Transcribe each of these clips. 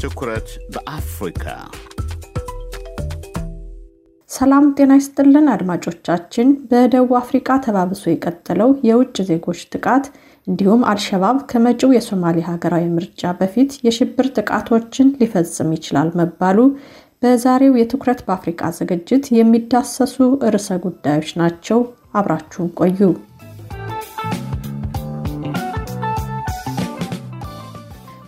ትኩረት በአፍሪካ ሰላም ጤና ይስጥልን አድማጮቻችን። በደቡብ አፍሪካ ተባብሶ የቀጠለው የውጭ ዜጎች ጥቃት እንዲሁም አልሸባብ ከመጪው የሶማሌ ሀገራዊ ምርጫ በፊት የሽብር ጥቃቶችን ሊፈጽም ይችላል መባሉ በዛሬው የትኩረት በአፍሪካ ዝግጅት የሚዳሰሱ ርዕሰ ጉዳዮች ናቸው። አብራችሁን ቆዩ።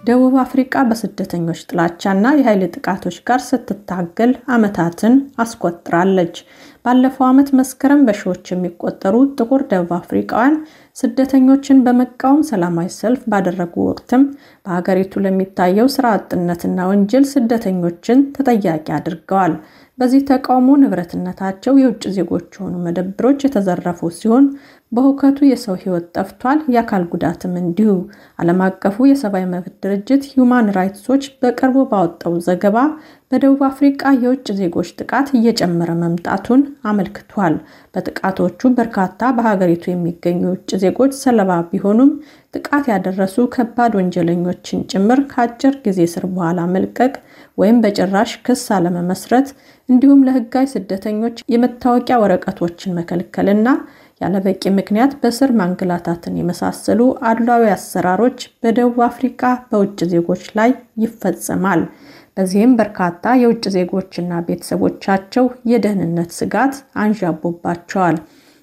ደቡብ አፍሪቃ በስደተኞች ጥላቻና የኃይል ጥቃቶች ጋር ስትታገል ዓመታትን አስቆጥራለች። ባለፈው ዓመት መስከረም በሺዎች የሚቆጠሩ ጥቁር ደቡብ አፍሪቃውያን ስደተኞችን በመቃወም ሰላማዊ ሰልፍ ባደረጉ ወቅትም በሀገሪቱ ለሚታየው ስራ አጥነትና ወንጀል ስደተኞችን ተጠያቂ አድርገዋል። በዚህ ተቃውሞ ንብረትነታቸው የውጭ ዜጎች የሆኑ መደብሮች የተዘረፉ ሲሆን በሁከቱ የሰው ሕይወት ጠፍቷል፣ የአካል ጉዳትም እንዲሁ። ዓለም አቀፉ የሰብአዊ መብት ድርጅት ሂዩማን ራይትስ ዎች በቅርቡ ባወጣው ዘገባ በደቡብ አፍሪቃ የውጭ ዜጎች ጥቃት እየጨመረ መምጣቱን አመልክቷል። በጥቃቶቹ በርካታ በሀገሪቱ የሚገኙ የውጭ ዜጎች ሰለባ ቢሆኑም ጥቃት ያደረሱ ከባድ ወንጀለኞችን ጭምር ከአጭር ጊዜ እስር በኋላ መልቀቅ ወይም በጭራሽ ክስ አለመመስረት እንዲሁም ለህጋዊ ስደተኞች የመታወቂያ ወረቀቶችን መከልከልና ያለበቂ ምክንያት በስር ማንገላታትን የመሳሰሉ አድሏዊ አሰራሮች በደቡብ አፍሪካ በውጭ ዜጎች ላይ ይፈጸማል። በዚህም በርካታ የውጭ ዜጎችና ቤተሰቦቻቸው የደህንነት ስጋት አንዣቦባቸዋል።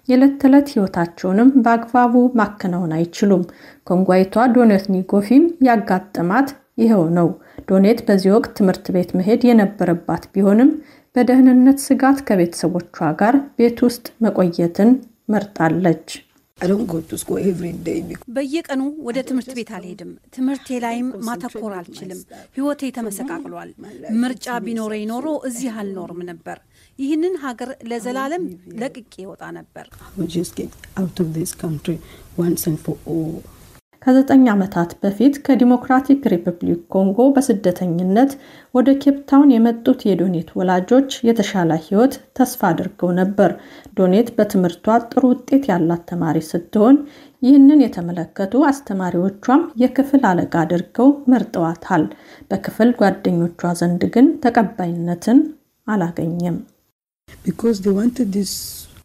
የዕለት ተዕለት ህይወታቸውንም በአግባቡ ማከናወን አይችሉም። ኮንጓይቷ ዶኔት ኒጎፊም ያጋጠማት ይኸው ነው። ዶኔት በዚህ ወቅት ትምህርት ቤት መሄድ የነበረባት ቢሆንም በደህንነት ስጋት ከቤተሰቦቿ ጋር ቤት ውስጥ መቆየትን መርጣለች። በየቀኑ ወደ ትምህርት ቤት አልሄድም። ትምህርቴ ላይም ማተኮር አልችልም። ሕይወቴ ተመሰቃቅሏል። ምርጫ ቢኖረኝ ኖሮ እዚህ አልኖርም ነበር። ይህንን ሀገር ለዘላለም ለቅቄ ይወጣ ነበር። ከዘጠኝ ዓመታት በፊት ከዲሞክራቲክ ሪፐብሊክ ኮንጎ በስደተኝነት ወደ ኬፕታውን የመጡት የዶኔት ወላጆች የተሻለ ሕይወት ተስፋ አድርገው ነበር። ዶኔት በትምህርቷ ጥሩ ውጤት ያላት ተማሪ ስትሆን ይህንን የተመለከቱ አስተማሪዎቿም የክፍል አለቃ አድርገው መርጠዋታል። በክፍል ጓደኞቿ ዘንድ ግን ተቀባይነትን አላገኘም።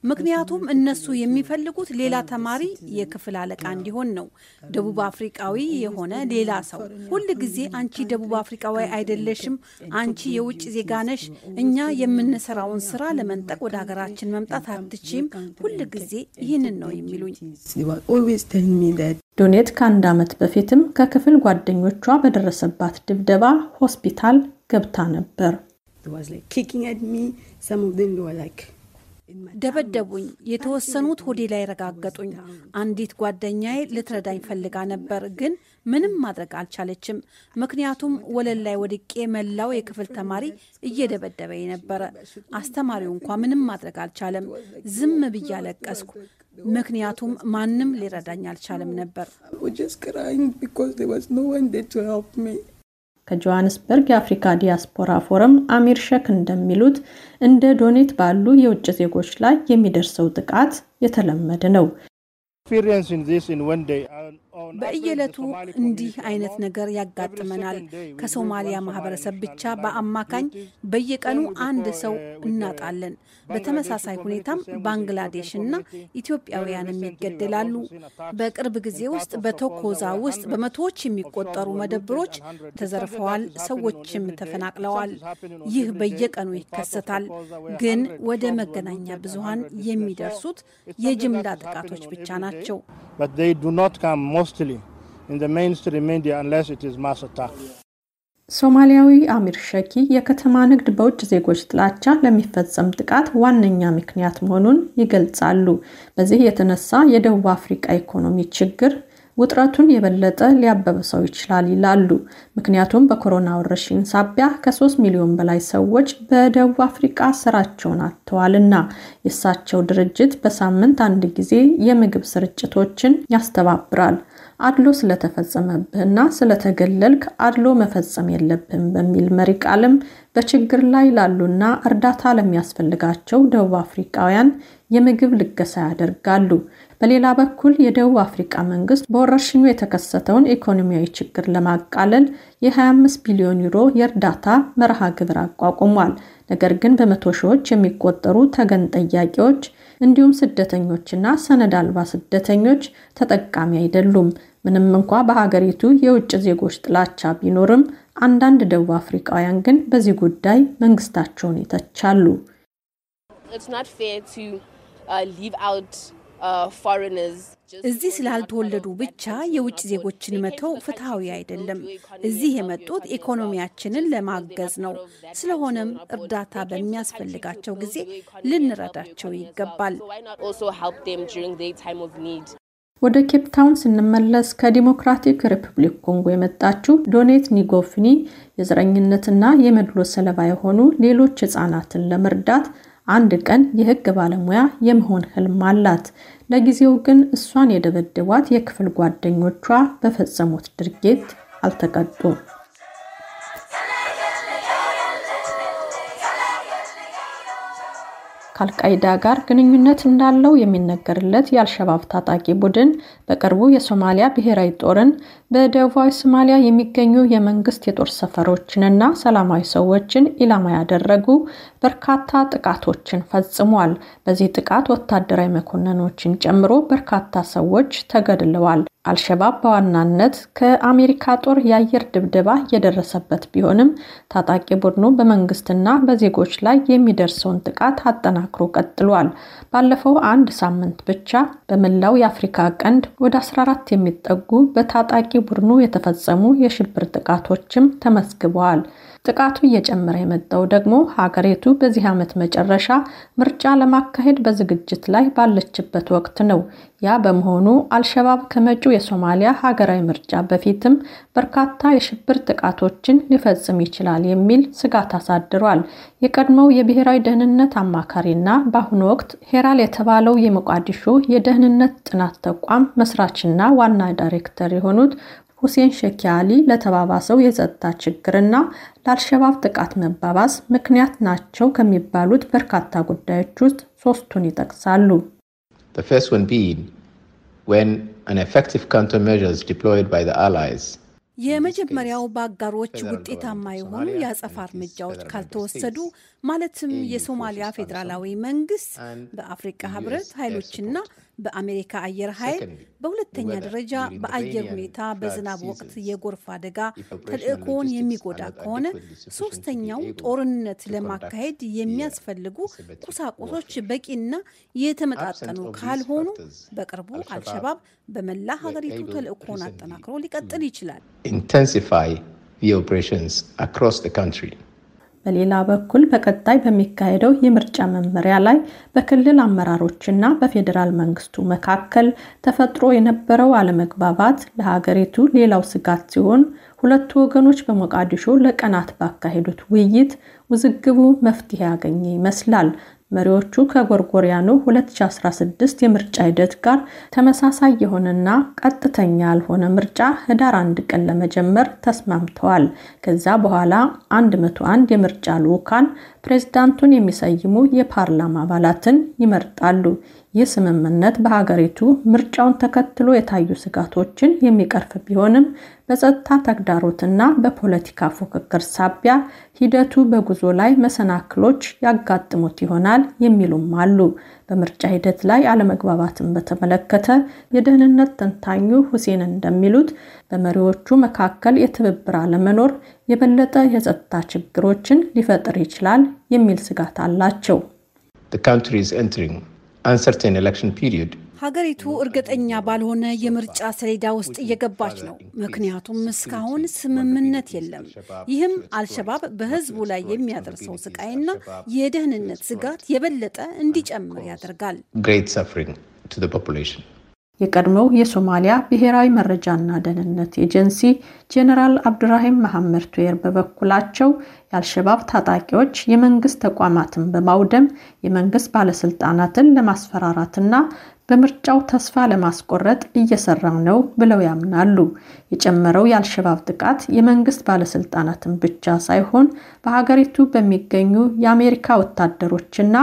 ምክንያቱም እነሱ የሚፈልጉት ሌላ ተማሪ የክፍል አለቃ እንዲሆን ነው። ደቡብ አፍሪቃዊ የሆነ ሌላ ሰው ሁል ጊዜ አንቺ ደቡብ አፍሪቃዊ አይደለሽም፣ አንቺ የውጭ ዜጋ ነሽ፣ እኛ የምንሰራውን ስራ ለመንጠቅ ወደ ሀገራችን መምጣት አትችም፣ ሁል ጊዜ ይህንን ነው የሚሉኝ። ዶኔት ከአንድ ዓመት በፊትም ከክፍል ጓደኞቿ በደረሰባት ድብደባ ሆስፒታል ገብታ ነበር። ደበደቡኝ። የተወሰኑት ሆዴ ላይ ረጋገጡኝ። አንዲት ጓደኛዬ ልትረዳኝ ፈልጋ ነበር፣ ግን ምንም ማድረግ አልቻለችም። ምክንያቱም ወለል ላይ ወድቄ መላው የክፍል ተማሪ እየደበደበኝ ነበረ። አስተማሪው እንኳ ምንም ማድረግ አልቻለም። ዝም ብዬ አለቀስኩ፣ ምክንያቱም ማንም ሊረዳኝ አልቻለም ነበር። ከጆሃንስበርግ የአፍሪካ ዲያስፖራ ፎረም አሚር ሸክ እንደሚሉት እንደ ዶኔት ባሉ የውጭ ዜጎች ላይ የሚደርሰው ጥቃት የተለመደ ነው። በየዕለቱ እንዲህ አይነት ነገር ያጋጥመናል። ከሶማሊያ ማህበረሰብ ብቻ በአማካኝ በየቀኑ አንድ ሰው uh, uh, እናጣለን። በተመሳሳይ ሁኔታም ባንግላዴሽ እና ኢትዮጵያውያንም ይገደላሉ። በቅርብ ጊዜ ውስጥ በቶኮዛ ውስጥ በመቶዎች የሚቆጠሩ መደብሮች ተዘርፈዋል፣ ሰዎችም ተፈናቅለዋል። ይህ በየቀኑ ይከሰታል። ግን ወደ መገናኛ ብዙሃን የሚደርሱት የጅምላ ጥቃቶች ብቻ ናቸው። mostly in the mainstream media unless it is mass attack. ሶማሊያዊ አሚር ሸኪ የከተማ ንግድ በውጭ ዜጎች ጥላቻ ለሚፈጸም ጥቃት ዋነኛ ምክንያት መሆኑን ይገልጻሉ። በዚህ የተነሳ የደቡብ አፍሪቃ ኢኮኖሚ ችግር ውጥረቱን የበለጠ ሊያበብሰው ይችላል ይላሉ። ምክንያቱም በኮሮና ወረርሽኝ ሳቢያ ከ3 ሚሊዮን በላይ ሰዎች በደቡብ አፍሪቃ ስራቸውን አጥተዋልና የእሳቸው ድርጅት በሳምንት አንድ ጊዜ የምግብ ስርጭቶችን ያስተባብራል። አድሎ ስለተፈጸመብህና ስለተገለልክ አድሎ መፈጸም የለብህም በሚል መሪ ቃልም በችግር ላይ ላሉና እርዳታ ለሚያስፈልጋቸው ደቡብ አፍሪካውያን የምግብ ልገሳ ያደርጋሉ። በሌላ በኩል የደቡብ አፍሪካ መንግስት በወረርሽኙ የተከሰተውን ኢኮኖሚያዊ ችግር ለማቃለል የ25 ቢሊዮን ዩሮ የእርዳታ መርሃ ግብር አቋቁሟል። ነገር ግን በመቶ ሺዎች የሚቆጠሩ ተገን ጠያቂዎች እንዲሁም ስደተኞችና ሰነድ አልባ ስደተኞች ተጠቃሚ አይደሉም። ምንም እንኳ በሀገሪቱ የውጭ ዜጎች ጥላቻ ቢኖርም አንዳንድ ደቡብ አፍሪካውያን ግን በዚህ ጉዳይ መንግስታቸውን ይተቻሉ። uh, uh, እዚህ ስላልተወለዱ ብቻ የውጭ ዜጎችን መተው ፍትሐዊ አይደለም። እዚህ የመጡት ኢኮኖሚያችንን ለማገዝ ነው። ስለሆነም እርዳታ በሚያስፈልጋቸው ጊዜ ልንረዳቸው ይገባል። ወደ ኬፕታውን ስንመለስ ከዲሞክራቲክ ሪፐብሊክ ኮንጎ የመጣችው ዶኔት ኒጎፍኒ የዘረኝነትና የመድሎ ሰለባ የሆኑ ሌሎች ህፃናትን ለመርዳት አንድ ቀን የህግ ባለሙያ የመሆን ህልም አላት። ለጊዜው ግን እሷን የደበደቧት የክፍል ጓደኞቿ በፈጸሙት ድርጊት አልተቀጡም። ከአልቃይዳ ጋር ግንኙነት እንዳለው የሚነገርለት የአልሸባብ ታጣቂ ቡድን በቅርቡ የሶማሊያ ብሔራዊ ጦርን በደቡባዊ ሶማሊያ የሚገኙ የመንግስት የጦር ሰፈሮችንና ሰላማዊ ሰዎችን ኢላማ ያደረጉ በርካታ ጥቃቶችን ፈጽሟል። በዚህ ጥቃት ወታደራዊ መኮንኖችን ጨምሮ በርካታ ሰዎች ተገድለዋል። አልሸባብ በዋናነት ከአሜሪካ ጦር የአየር ድብደባ የደረሰበት ቢሆንም ታጣቂ ቡድኑ በመንግስትና በዜጎች ላይ የሚደርሰውን ጥቃት አጠናክሮ ቀጥሏል። ባለፈው አንድ ሳምንት ብቻ በመላው የአፍሪካ ቀንድ ወደ 14 የሚጠጉ በታጣቂ ቡድኑ የተፈጸሙ የሽብር ጥቃቶችም ተመዝግበዋል። ጥቃቱ እየጨመረ የመጣው ደግሞ ሀገሪቱ በዚህ ዓመት መጨረሻ ምርጫ ለማካሄድ በዝግጅት ላይ ባለችበት ወቅት ነው። ያ በመሆኑ አልሸባብ ከመጪው የሶማሊያ ሀገራዊ ምርጫ በፊትም በርካታ የሽብር ጥቃቶችን ሊፈጽም ይችላል የሚል ስጋት አሳድሯል። የቀድሞው የብሔራዊ ደህንነት አማካሪና በአሁኑ ወቅት ሄራል የተባለው የሞቃዲሾ የደህንነት ጥናት ተቋም መስራችና ዋና ዳይሬክተር የሆኑት ሁሴን ሼክ አሊ ለተባባሰው የጸጥታ ችግርና ለአልሸባብ ጥቃት መባባስ ምክንያት ናቸው ከሚባሉት በርካታ ጉዳዮች ውስጥ ሶስቱን ይጠቅሳሉ። የመጀመሪያው በአጋሮች ውጤታማ የሆኑ የአጸፋ እርምጃዎች ካልተወሰዱ ማለትም የሶማሊያ ፌዴራላዊ መንግስት በአፍሪካ ህብረት ኃይሎችና በአሜሪካ አየር ኃይል፣ በሁለተኛ ደረጃ በአየር ሁኔታ በዝናብ ወቅት የጎርፍ አደጋ ተልእኮውን የሚጎዳ ከሆነ፣ ሶስተኛው ጦርነት ለማካሄድ የሚያስፈልጉ ቁሳቁሶች በቂና የተመጣጠኑ ካልሆኑ በቅርቡ አልሸባብ በመላ ሀገሪቱ ተልእኮውን አጠናክሮ ሊቀጥል mm. ይችላል። በሌላ በኩል በቀጣይ በሚካሄደው የምርጫ መመሪያ ላይ በክልል አመራሮችና በፌዴራል መንግስቱ መካከል ተፈጥሮ የነበረው አለመግባባት ለሀገሪቱ ሌላው ስጋት ሲሆን ሁለቱ ወገኖች በሞቃዲሾ ለቀናት ባካሄዱት ውይይት ውዝግቡ መፍትሄ ያገኘ ይመስላል። መሪዎቹ ከጎርጎሪያኑ 2016 የምርጫ ሂደት ጋር ተመሳሳይ የሆነና ቀጥተኛ ያልሆነ ምርጫ ህዳር አንድ ቀን ለመጀመር ተስማምተዋል። ከዛ በኋላ 101 የምርጫ ልዑካን ፕሬዝዳንቱን የሚሰይሙ የፓርላማ አባላትን ይመርጣሉ። ይህ ስምምነት በሀገሪቱ ምርጫውን ተከትሎ የታዩ ስጋቶችን የሚቀርፍ ቢሆንም በጸጥታ ተግዳሮትና በፖለቲካ ፉክክር ሳቢያ ሂደቱ በጉዞ ላይ መሰናክሎች ያጋጥሙት ይሆናል የሚሉም አሉ። በምርጫ ሂደት ላይ አለመግባባትን በተመለከተ የደህንነት ተንታኙ ሁሴን እንደሚሉት በመሪዎቹ መካከል የትብብር አለመኖር የበለጠ የጸጥታ ችግሮችን ሊፈጥር ይችላል የሚል ስጋት አላቸው። The country is entering uncertain election period ሀገሪቱ እርግጠኛ ባልሆነ የምርጫ ሰሌዳ ውስጥ እየገባች ነው። ምክንያቱም እስካሁን ስምምነት የለም። ይህም አልሸባብ በሕዝቡ ላይ የሚያደርሰው ስቃይና የደህንነት ስጋት የበለጠ እንዲጨምር ያደርጋል። የቀድሞው የሶማሊያ ብሔራዊ መረጃና ደህንነት ኤጀንሲ ጄኔራል አብዱራሂም መሐመድ ቱዌር በበኩላቸው የአልሸባብ ታጣቂዎች የመንግስት ተቋማትን በማውደም የመንግስት ባለስልጣናትን ለማስፈራራትና በምርጫው ተስፋ ለማስቆረጥ እየሰራም ነው ብለው ያምናሉ። የጨመረው የአልሸባብ ጥቃት የመንግስት ባለስልጣናትን ብቻ ሳይሆን በሀገሪቱ በሚገኙ የአሜሪካ ወታደሮችና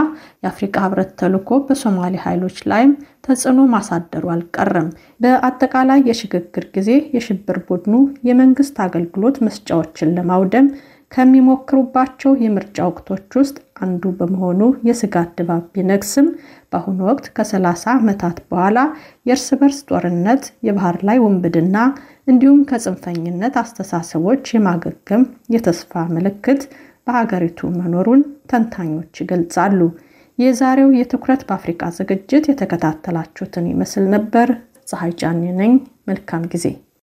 የአፍሪካ ህብረት ተልዕኮ በሶማሌ ኃይሎች ላይም ተጽዕኖ ማሳደሩ አልቀረም። በአጠቃላይ የሽግግር ጊዜ የሽብር ቡድኑ የመንግስት አገልግሎት መስጫዎችን ለማውደም ከሚሞክሩባቸው የምርጫ ወቅቶች ውስጥ አንዱ በመሆኑ የስጋት ድባብ ቢነግስም በአሁኑ ወቅት ከ30 ዓመታት በኋላ የእርስ በርስ ጦርነት፣ የባህር ላይ ውንብድና እንዲሁም ከጽንፈኝነት አስተሳሰቦች የማገገም የተስፋ ምልክት በሀገሪቱ መኖሩን ተንታኞች ይገልጻሉ። የዛሬው የትኩረት በአፍሪካ ዝግጅት የተከታተላችሁትን ይመስል ነበር። ፀሐይ ጫኔ ነኝ። መልካም ጊዜ